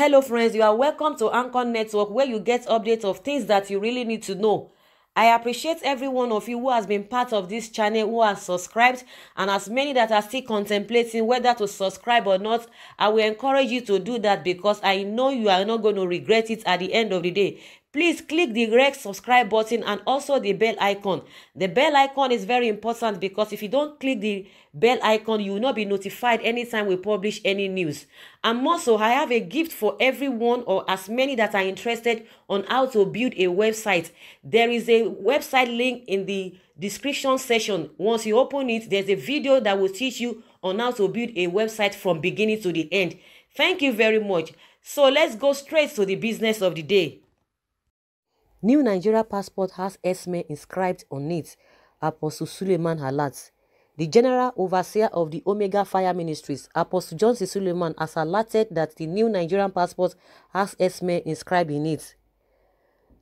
Hello friends, you are welcome to Anchor Network where you get updates of things that you really need to know. I appreciate every one of you who has been part of this channel, who has subscribed, and as many that are still contemplating whether to subscribe or not, I will encourage you to do that because I know you are not going to regret it at the end of the day. Please click the red subscribe button and also the bell icon. The bell icon is very important because if you don't click the bell icon, you will not be notified anytime we publish any news. And also, I have a gift for everyone or as many that are interested on how to build a website. There is a website link in the description section. Once you open it, there's a video that will teach you on how to build a website from beginning to the end. Thank you very much. So let's go straight to the business of the day. New Nigeria passport has Esme inscribed on it, Apostle Suleiman Halat. The General Overseer of the Omega Fire Ministries, Apostle John C. Suleiman, has alerted that the new Nigerian passport has Esme inscribed in it.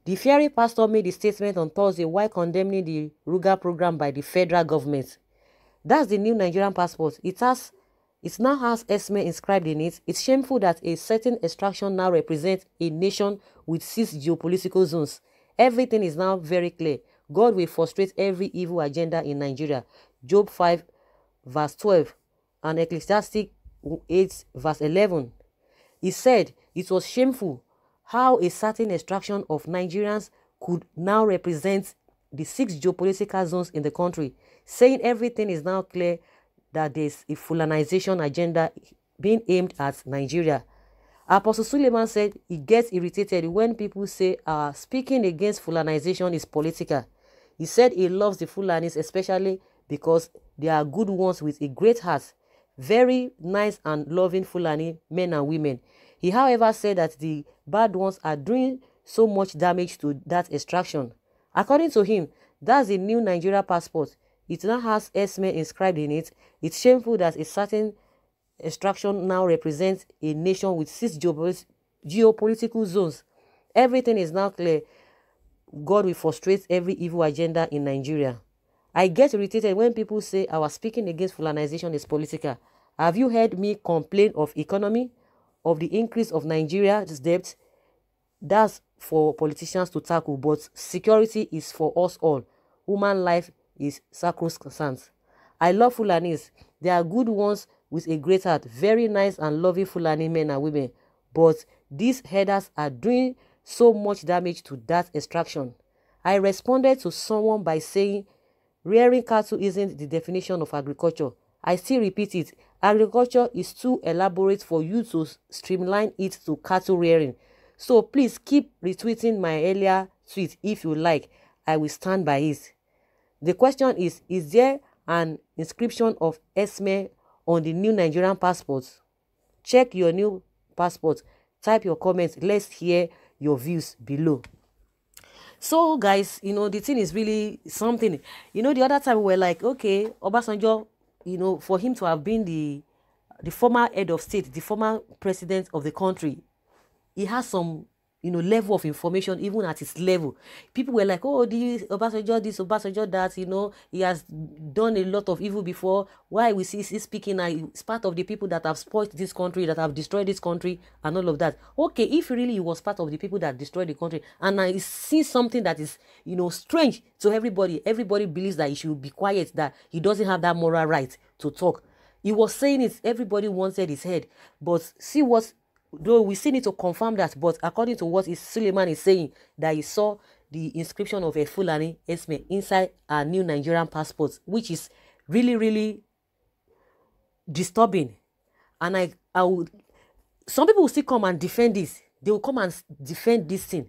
The fiery pastor made a statement on Thursday while condemning the Ruga program by the federal government. That's the new Nigerian passport. It has it now has Esme inscribed in it. It's shameful that a certain extraction now represents a nation with six geopolitical zones. Everything is now very clear. God will frustrate every evil agenda in Nigeria. Job 5, verse 12, and Ecclesiastic 8, verse 11. He said, It was shameful how a certain extraction of Nigerians could now represent the six geopolitical zones in the country, saying everything is now clear that there is a fulanization agenda being aimed at Nigeria. Apostle Suleiman said he gets irritated when people say uh, speaking against Fulanization is political. He said he loves the Fulanis especially because they are good ones with a great heart, very nice and loving Fulani men and women. He, however, said that the bad ones are doing so much damage to that extraction. According to him, that's the new Nigeria passport. It now has Esme inscribed in it. It's shameful that a certain extraction now represents a nation with six geopolitical zones. Everything is now clear. God will frustrate every evil agenda in Nigeria. I get irritated when people say our speaking against fulanization is political. Have you heard me complain of economy, of the increase of Nigeria's debt? That's for politicians to tackle, but security is for us all. Human life is sacrosanct. I love Fulanis. They are good ones with a great heart, very nice and loving Fulani men and women, but these headers are doing so much damage to that extraction. I responded to someone by saying, rearing cattle isn't the definition of agriculture. I still repeat it, agriculture is too elaborate for you to streamline it to cattle rearing. So please keep retweeting my earlier tweet if you like. I will stand by it. The question is, is there an inscription of Esme on the new Nigerian passport. Check your new passport. Type your comments. Let's hear your views below. So, guys, you know, the thing is really something. You know, the other time we were like, okay, Obasanjo, you know, for him to have been the the former head of state, the former president of the country, he has some you know, level of information, even at its level. People were like, oh, this Obasanjo, this Obasanjo, that, you know, he has done a lot of evil before. Why we see he speaking? Is part of the people that have spoiled this country, that have destroyed this country, and all of that. Okay, if really he was part of the people that destroyed the country, and I see something that is, you know, strange to everybody, everybody believes that he should be quiet, that he doesn't have that moral right to talk. He was saying it, everybody wanted his head. But see what though we still need to confirm that but according to what is Suleiman is saying that he saw the inscription of a Fulani Esme inside her new Nigerian passport which is really really disturbing and I I would some people will still come and defend this they will come and defend this thing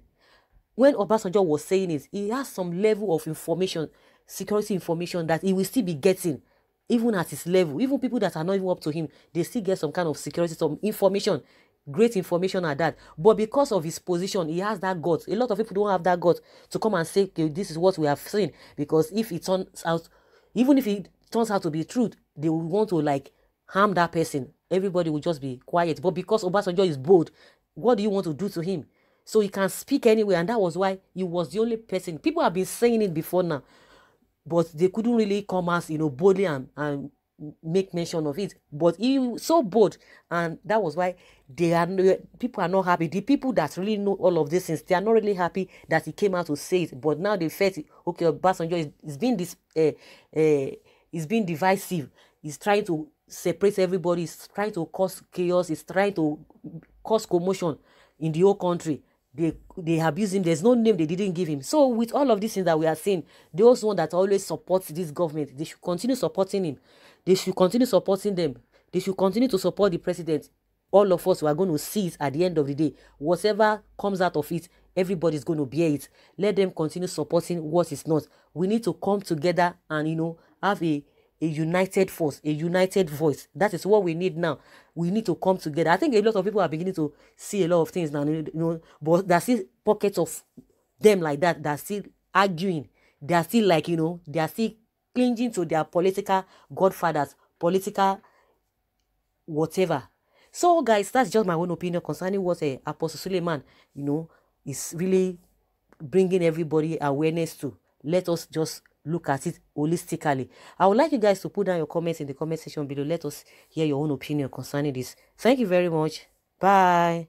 when Obasanjo was saying it he has some level of information security information that he will still be getting even at his level even people that are not even up to him they still get some kind of security some information great information at that. But because of his position, he has that gut. A lot of people don't have that gut to come and say, okay, this is what we have seen. Because if it turns out, even if it turns out to be truth, they will want to like harm that person. Everybody will just be quiet. But because Obasanjo is bold, what do you want to do to him? So he can speak anyway. And that was why he was the only person. People have been saying it before now. But they couldn't really come as, you know, boldly and, and make mention of it but he was so bold and that was why they are people are not happy the people that really know all of these things they are not really happy that he came out to say it but now they felt okay Obasanjo is, is being this uh, eh, uh, eh, is being divisive he's trying to separate everybody he's trying to cause chaos he's trying to cause commotion in the whole country they they abuse him there's no name they didn't give him so with all of these things that we are seeing those one that always supports this government they should continue supporting him they should continue supporting them. They should continue to support the president. All of us, we are going to see it at the end of the day. Whatever comes out of it, everybody's going to bear it. Let them continue supporting what is not. We need to come together and, you know, have a a united force, a united voice. That is what we need now. We need to come together. I think a lot of people are beginning to see a lot of things now, you know, but there's still pockets of them like that that are still arguing. They are still like, you know, they are still clinging to their political godfathers, political whatever. So, guys, that's just my own opinion concerning what uh, Apostle Suleiman, you know, is really bringing everybody awareness to. Let us just look at it holistically. I would like you guys to put down your comments in the comment section below. Let us hear your own opinion concerning this. Thank you very much. Bye.